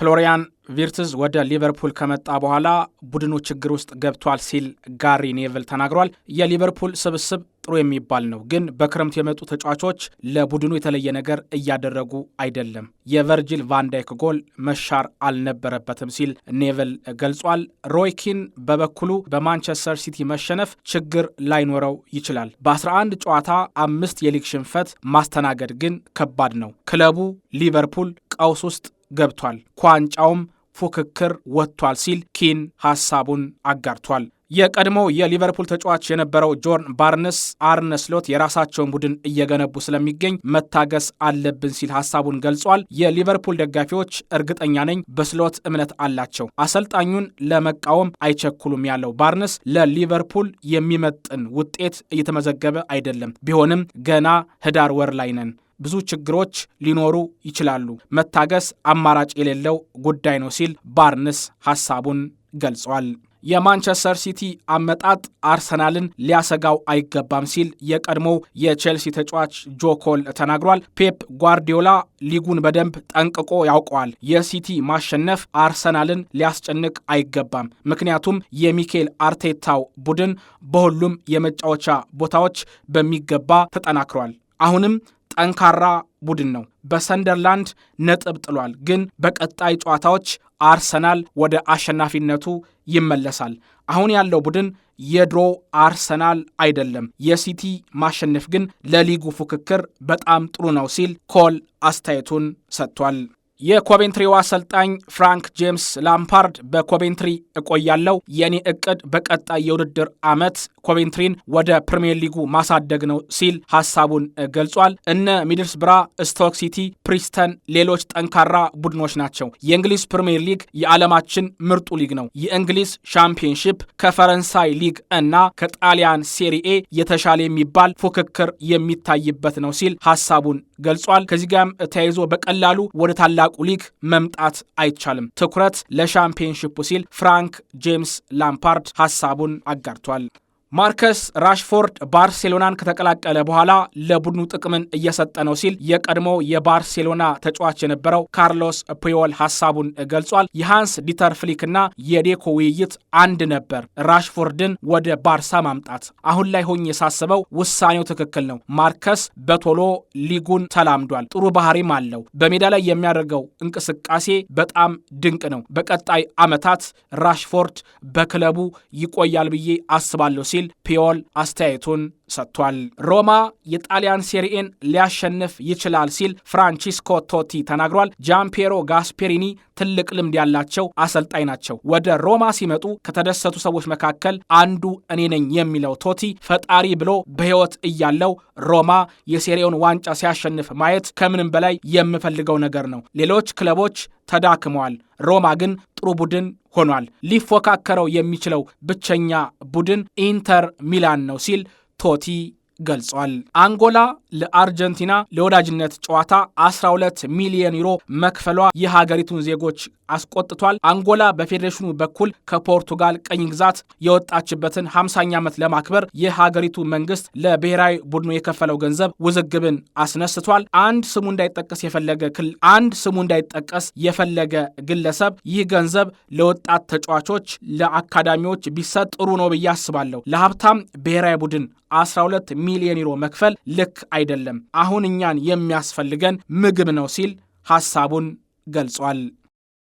ፍሎሪያን ቪርትዝ ወደ ሊቨርፑል ከመጣ በኋላ ቡድኑ ችግር ውስጥ ገብቷል ሲል ጋሪ ኔቭል ተናግሯል። የሊቨርፑል ስብስብ ጥሩ የሚባል ነው፣ ግን በክረምት የመጡ ተጫዋቾች ለቡድኑ የተለየ ነገር እያደረጉ አይደለም። የቨርጂል ቫንዳይክ ጎል መሻር አልነበረበትም ሲል ኔቭል ገልጿል። ሮይኪን በበኩሉ በማንቸስተር ሲቲ መሸነፍ ችግር ላይኖረው ይችላል። በ11 ጨዋታ አምስት የሊግ ሽንፈት ማስተናገድ ግን ከባድ ነው። ክለቡ ሊቨርፑል ቀውስ ውስጥ ገብቷል፣ ከዋንጫውም ፉክክር ወጥቷል ሲል ኪን ሐሳቡን አጋርቷል። የቀድሞ የሊቨርፑል ተጫዋች የነበረው ጆን ባርነስ አርነ ስሎት የራሳቸውን ቡድን እየገነቡ ስለሚገኝ መታገስ አለብን ሲል ሀሳቡን ገልጿል። የሊቨርፑል ደጋፊዎች እርግጠኛ ነኝ በስሎት እምነት አላቸው፣ አሰልጣኙን ለመቃወም አይቸኩሉም ያለው ባርነስ ለሊቨርፑል የሚመጥን ውጤት እየተመዘገበ አይደለም፣ ቢሆንም ገና ህዳር ወር ላይ ነን ብዙ ችግሮች ሊኖሩ ይችላሉ። መታገስ አማራጭ የሌለው ጉዳይ ነው ሲል ባርንስ ሐሳቡን ገልጿል። የማንቸስተር ሲቲ አመጣጥ አርሰናልን ሊያሰጋው አይገባም ሲል የቀድሞው የቼልሲ ተጫዋች ጆኮል ተናግሯል። ፔፕ ጓርዲዮላ ሊጉን በደንብ ጠንቅቆ ያውቀዋል። የሲቲ ማሸነፍ አርሰናልን ሊያስጨንቅ አይገባም፣ ምክንያቱም የሚኬል አርቴታው ቡድን በሁሉም የመጫወቻ ቦታዎች በሚገባ ተጠናክሯል። አሁንም ጠንካራ ቡድን ነው። በሰንደርላንድ ነጥብ ጥሏል፣ ግን በቀጣይ ጨዋታዎች አርሰናል ወደ አሸናፊነቱ ይመለሳል። አሁን ያለው ቡድን የድሮ አርሰናል አይደለም። የሲቲ ማሸነፍ ግን ለሊጉ ፉክክር በጣም ጥሩ ነው ሲል ኮል አስተያየቱን ሰጥቷል። የኮቬንትሪው አሰልጣኝ ፍራንክ ጄምስ ላምፓርድ በኮቬንትሪ እቆያለው፣ የኔ እቅድ በቀጣይ የውድድር ዓመት ኮቬንትሪን ወደ ፕሪምየር ሊጉ ማሳደግ ነው ሲል ሀሳቡን ገልጿል። እነ ብራ፣ ስቶክ ሲቲ፣ ፕሪስተን ሌሎች ጠንካራ ቡድኖች ናቸው። የእንግሊዝ ፕሪምየር ሊግ የዓለማችን ምርጡ ሊግ ነው። የእንግሊዝ ሻምፒየንሺፕ ከፈረንሳይ ሊግ እና ከጣሊያን ሴሪኤ የተሻለ የሚባል ፉክክር የሚታይበት ነው ሲል ሀሳቡን ገልጿል። ከዚህ ጋርም ተያይዞ በቀላሉ ወደ ታላቁ ታላቁ ሊግ መምጣት አይቻልም፣ ትኩረት ለሻምፒየንሺፑ ሲል ፍራንክ ጄምስ ላምፓርድ ሀሳቡን አጋርቷል። ማርከስ ራሽፎርድ ባርሴሎናን ከተቀላቀለ በኋላ ለቡድኑ ጥቅምን እየሰጠ ነው ሲል የቀድሞ የባርሴሎና ተጫዋች የነበረው ካርሎስ ፒዮል ሀሳቡን ገልጿል። የሃንስ ዲተር ፍሊክ የዴኮ ውይይት አንድ ነበር፣ ራሽፎርድን ወደ ባርሳ ማምጣት። አሁን ላይ ሆኜ የሳስበው ውሳኔው ትክክል ነው። ማርከስ በቶሎ ሊጉን ተላምዷል፣ ጥሩ ባህሪም አለው። በሜዳ ላይ የሚያደርገው እንቅስቃሴ በጣም ድንቅ ነው። በቀጣይ ዓመታት ራሽፎርድ በክለቡ ይቆያል ብዬ አስባለሁ ሲል ሲል ፒዮል አስተያየቱን ሰጥቷል። ሮማ የጣሊያን ሴሪኤን ሊያሸንፍ ይችላል ሲል ፍራንቺስኮ ቶቲ ተናግሯል። ጃምፔሮ ጋስፔሪኒ ትልቅ ልምድ ያላቸው አሰልጣኝ ናቸው። ወደ ሮማ ሲመጡ ከተደሰቱ ሰዎች መካከል አንዱ እኔ ነኝ የሚለው ቶቲ ፈጣሪ ብሎ በሕይወት እያለው ሮማ የሴሪኤውን ዋንጫ ሲያሸንፍ ማየት ከምንም በላይ የምፈልገው ነገር ነው። ሌሎች ክለቦች ተዳክመዋል። ሮማ ግን ጥሩ ቡድን ሆኗል። ሊፎካከረው የሚችለው ብቸኛ ቡድን ኢንተር ሚላን ነው ሲል ቶቲ ገልጿል። አንጎላ ለአርጀንቲና ለወዳጅነት ጨዋታ 12 ሚሊዮን ዩሮ መክፈሏ የሀገሪቱን ዜጎች አስቆጥቷል። አንጎላ በፌዴሬሽኑ በኩል ከፖርቱጋል ቀኝ ግዛት የወጣችበትን 50ኛ ዓመት ለማክበር የሀገሪቱ መንግስት ለብሔራዊ ቡድኑ የከፈለው ገንዘብ ውዝግብን አስነስቷል። አንድ ስሙ እንዳይጠቀስ የፈለገ ክል አንድ ስሙ እንዳይጠቀስ የፈለገ ግለሰብ ይህ ገንዘብ ለወጣት ተጫዋቾች፣ ለአካዳሚዎች ቢሰጥ ጥሩ ነው ብዬ አስባለሁ። ለሀብታም ብሔራዊ ቡድን 12 ሚሊዮን ዩሮ መክፈል ልክ አይደለም። አሁን እኛን የሚያስፈልገን ምግብ ነው ሲል ሐሳቡን ገልጿል።